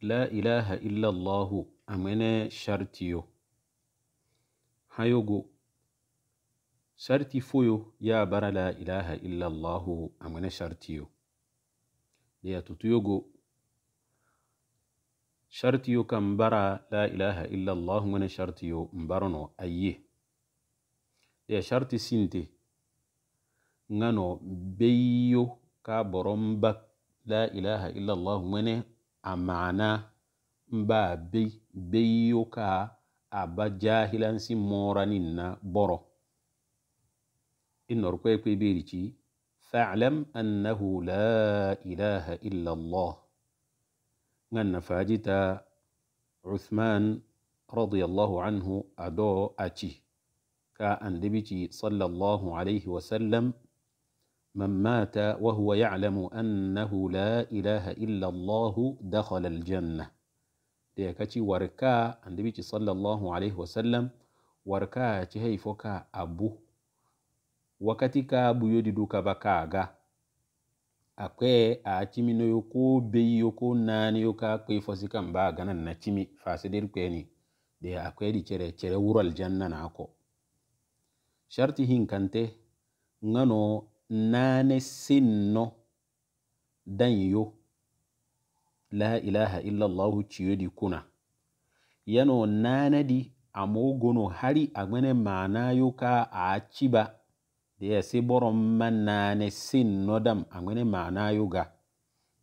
la ilaha illallahu amene shartiyo hayogo sharti foyo ya bara la ilaha illallahu amene shartiyo deya tutuyogo shartiyo kan bara la ilaha illallahu ŋene shartiyo mbarano aye deya sharti sinte ŋano beyo ka boron bak la ilaha illallahu ŋene amana mba be beyo ka aba jahilansi moranin boro inor kwe kwe birichi fa'lam annahu la ilaha illa Allah nganna fajita Uthman radiyallahu anhu ado aci ka andibici sallallahu alaihi wasallam من مات وهو يعلم أنه لا إله إلا الله دخل الجنة ديكاتي وركا النبي صلى الله عليه وسلم warka ci haifoka abu wakati ka buyo di duka baka ga akwe a cimi no yoko beyi yoko nani yoka kwe kan ba ganan na cimi fasidir kwe ni da akwai di cere cere wural janna na ako sharti hinkante ngano naane sinno yo la ilaha illa allahu ciyodi kuna yano nanadi a gono hari mana yo ka aciba ya se boron ma naane sinno dam mana yo ga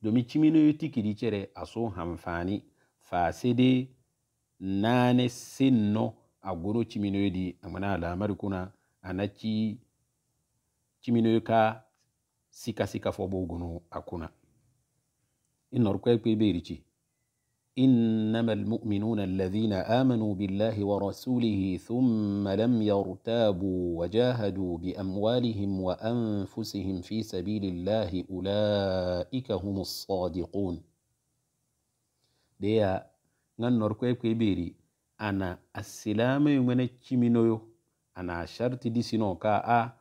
domin ciminoyo tikiri cere aso hamfani fasidi naane sinno a cimino ciminoyo di alamar alamari kuna anaci ciminoyi ka sika sika fo bo gono akuna inor kwe kwe berici إنما المؤمنون الذين آمنوا بالله ورسوله ثم لم يرتابوا وجاهدوا بأموالهم وأنفسهم في سبيل الله أولئك هم الصادقون ديا نغنور كوي كوي أنا السلام يمنا منو أنا شرط دي سينو كا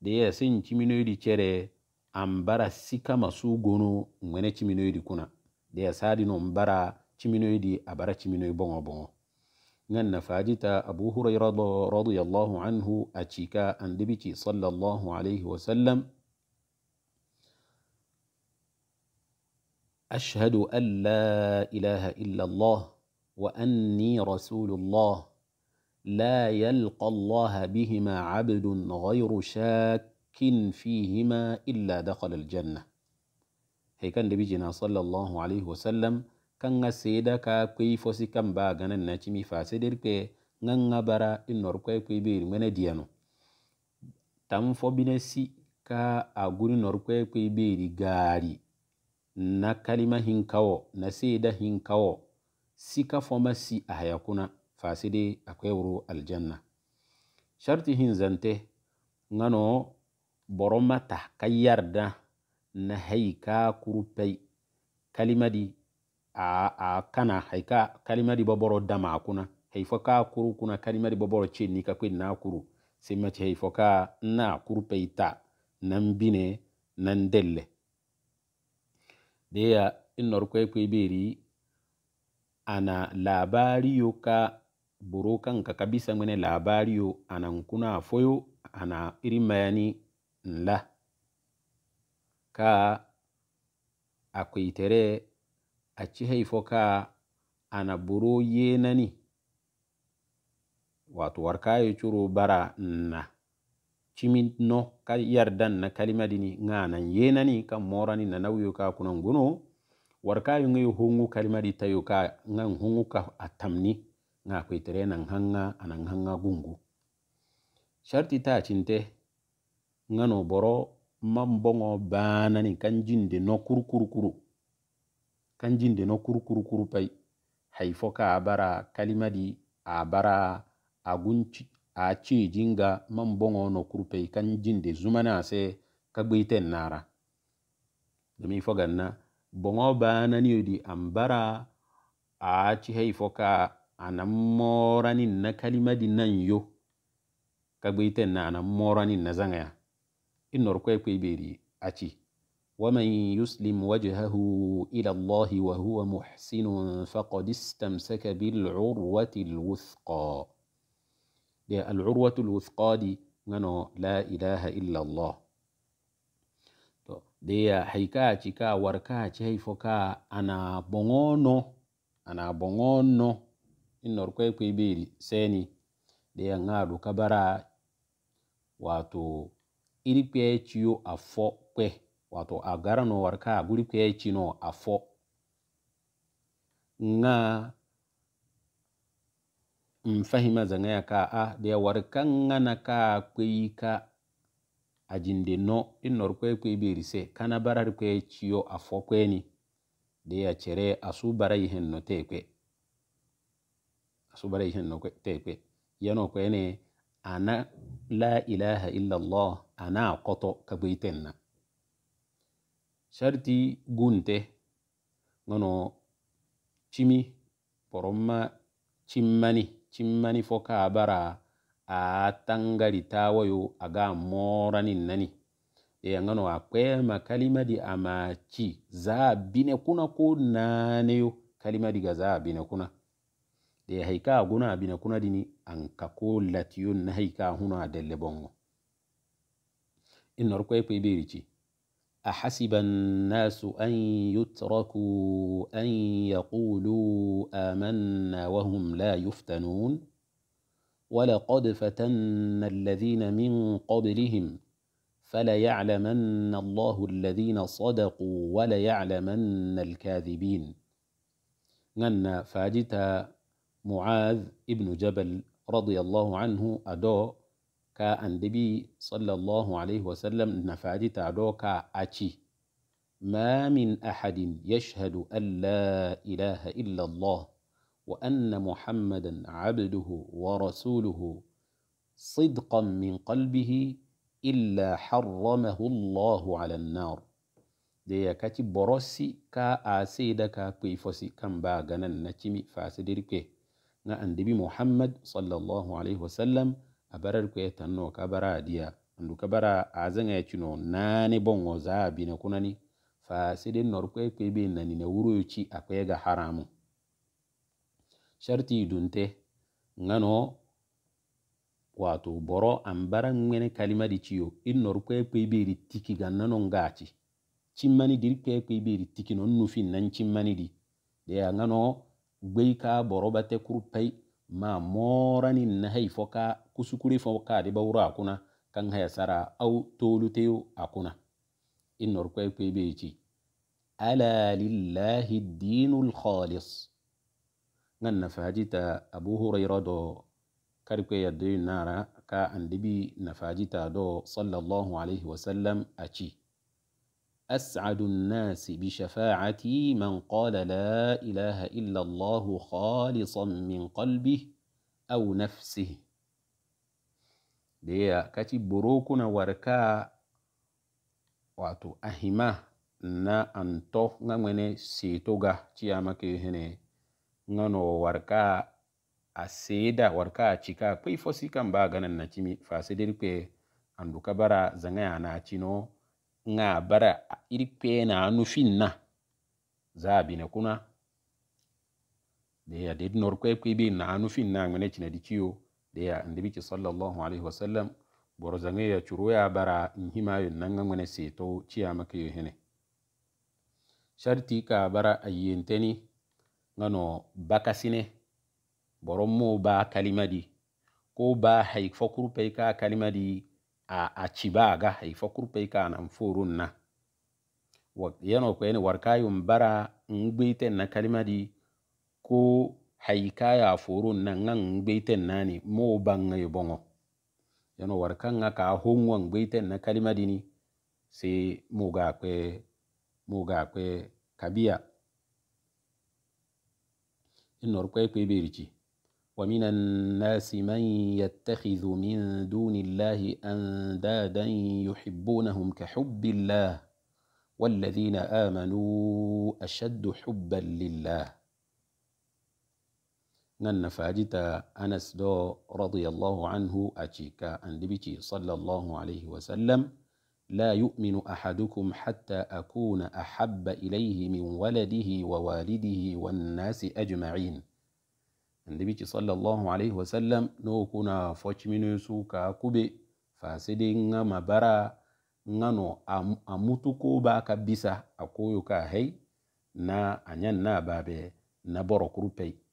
deya sin ciminoyidi cere an ambara sika masu gono ŋwene ciminoyidi kuna deya sadino n bara ciminoyidi abara bara ciminoyi bongo boŋo ŋan nafajita abu hurayra do radiallahu anhu achika cika an sallallahu alayhi sallam أشهد أن لا إله إلا الله وأني رسول الله لا يلقى الله بهما عبد غير شاك فيهما إلا دخل الجنة هي كان بيجينا صلى الله عليه وسلم كان سيدا كا كوي فوسي كان با غنن ناتي مي فاسدر كي نان برا إنور كوي كوي بير من ديانو تام فو بنسي كا أغوري نور كوي كوي بير غاري نا na kalima نا سيدا seeda hinkawo sika foma si ahayakuna fasidi akwai wuru aljanna sharti hin zante ngano boro mata ka na haika kurupai kalimadi a, a kana haika kalimadi boboro dama kuna haifo ka kuru kuna kalimadi boboro ce ni ka kwin na kuru sai mace haifo ka na kurupai ta nan bine nan delle da ya inorkwai ana labari yuka boro kanka kabisa ngwene labari yo ana nkuna afoyo ana irimayani nla ka akuitere achihe haifo ka ana ye nani wato warkayo churu bara na cimin no ka yardan na kalimadini nganan yenani ka morani na nauyo ka kunan guno warkayo ngayo kalima kalimadi tayo ka ngan hungu ka atamni nga kwitere na nhanga ana nhanga gungu sharti ta cinte ngano boro mambongo bana ni kanjinde no kurukurukuru kanjinde no kurukurukuru pai haifo ka abara kalimadi abara agunci a ci jinga mambongo no kurpei kanjinde zumana se kagbiten nara domi fo ganna bongo bana ni yodi ambara a ci haifo ka ana moranin na kalimadi nan yo kagbe ite na ana moranin na zanga ya inor kwe kwe beri aci ومن يسلم وجهه إلى الله وهو محسن فقد استمسك بالعروة الوثقى العروة الوثقى دي لا إله إلا الله da ya haika cika warka ce haifuka ana bongono ana bongono innor kwai kwai beri seni da yan ngadu kabara wato iri kwai ciyo afo kwe wato a agara no warka guri kwai a afo nga mfahima ya ka a da warka ngana ka kwai ka a jinde no innor kwai kwai beri se kana barar kwai ciyo a afo ni da ya cere asu barai hen no te kwe subaray hen no teke yano ko ene ana la ilaha illallah ana koto ka boyten na sharti gunte ngono cimi poromma cimmani cimmani fo ka bara a tangari tawayo aga moranin nani e ngano a kwema kalima di ama ci za bine kuna ko naneyo kalima di ga za bine kuna de haika guna bina kuna dini an ka ko latiyun na haika huna delle bongo inor norko e pe أحسب الناس أن يتركوا أن يقولوا آمنا وهم لا يفتنون ولقد فتن الذين من قبلهم فليعلمن الله الذين صدقوا وليعلمن الكاذبين غنى فاجتا معاذ ابن جبل رضي الله عنه أدو كا النبي صلى الله عليه وسلم نفادت أدو كا أتي ما من أحد يشهد أن لا إله إلا الله وأن محمدا عبده ورسوله صدقا من قلبه إلا حرمه الله على النار دي كاتي بروسي كا آسيدكا كيفوسي kweifosi kamba ganan na annabi muhammad sallallahu alaihi wasallam a barar ku ya tanno ka bara adiya andu ka bara a zanga ya cino ne bon wa za bi na kunani fa sidin nor ku ku bi na ni na wuro yuci akwai ga haramu sharti dunte ngano wato boro an bara ngene kalima di ciyo in nor ku ku bi ri tiki ga gannano ngaci cimmani dir ku ku bi ri tiki non nufin nan cimmani di de ngano gbei ka boroba te kurpai ma ni na hai foka kusukuri foka de baura akuna kan haya sara au tolu teo akuna innor kwe kwe ci ala lillahi dinul khalis ganna ta abu huraira da ya yadda nara ka andibi na ta do sallallahu alaihi wasallam a ci أسعد الناس بشفاعتي من قال لا إله إلا الله خالصا من قلبه أو نفسه da kaci burokuna warka wato ahima na anto nga mwene setoga chiyama ke hene ngano warka aseda warka chika kwe fosi kamba ganan na chimi fasederi kwe anduka bara zangaya na chino nga bara iri pena nu fin na zabine kuna deya dedi norkoe kuibi na nu fin na ngene china di chiyo deya ndibi chi sallallahu alaihi wasallam boro zange ya churu ya bara nhima yo nanga ngene si to chiya make yo hene sharti ka bara ayenteni ngano bakasine boro mo ba kalimadi ko ba hay fokuru pe ka kalimadi a, a cibaga hay fokurpey kanan forun na yano warka warkayum bara ngbiten na kalimadi ko ya forun na nga ngbiten nani mo bangay bongo yano warka nga ka hongwa ngbiten na kalimadi ni se muga kwe muga kwe kabia inor kwe kwe berici ومن الناس من يتخذ من دون الله أندادا يحبونهم كحب الله والذين آمنوا أشد حبا لله نن فاجتا أنس دو رضي الله عنه أتيكا أندبتي صلى الله عليه وسلم لا يؤمن أحدكم حتى أكون أحب إليه من ولده ووالده والناس أجمعين annabi sallallahu alaihi wasallam no kuna minu su ka kube fasidi nga mabara ngano amutu ko ba ka bisa akoyo ka hai na anyan na babe na boro kurpei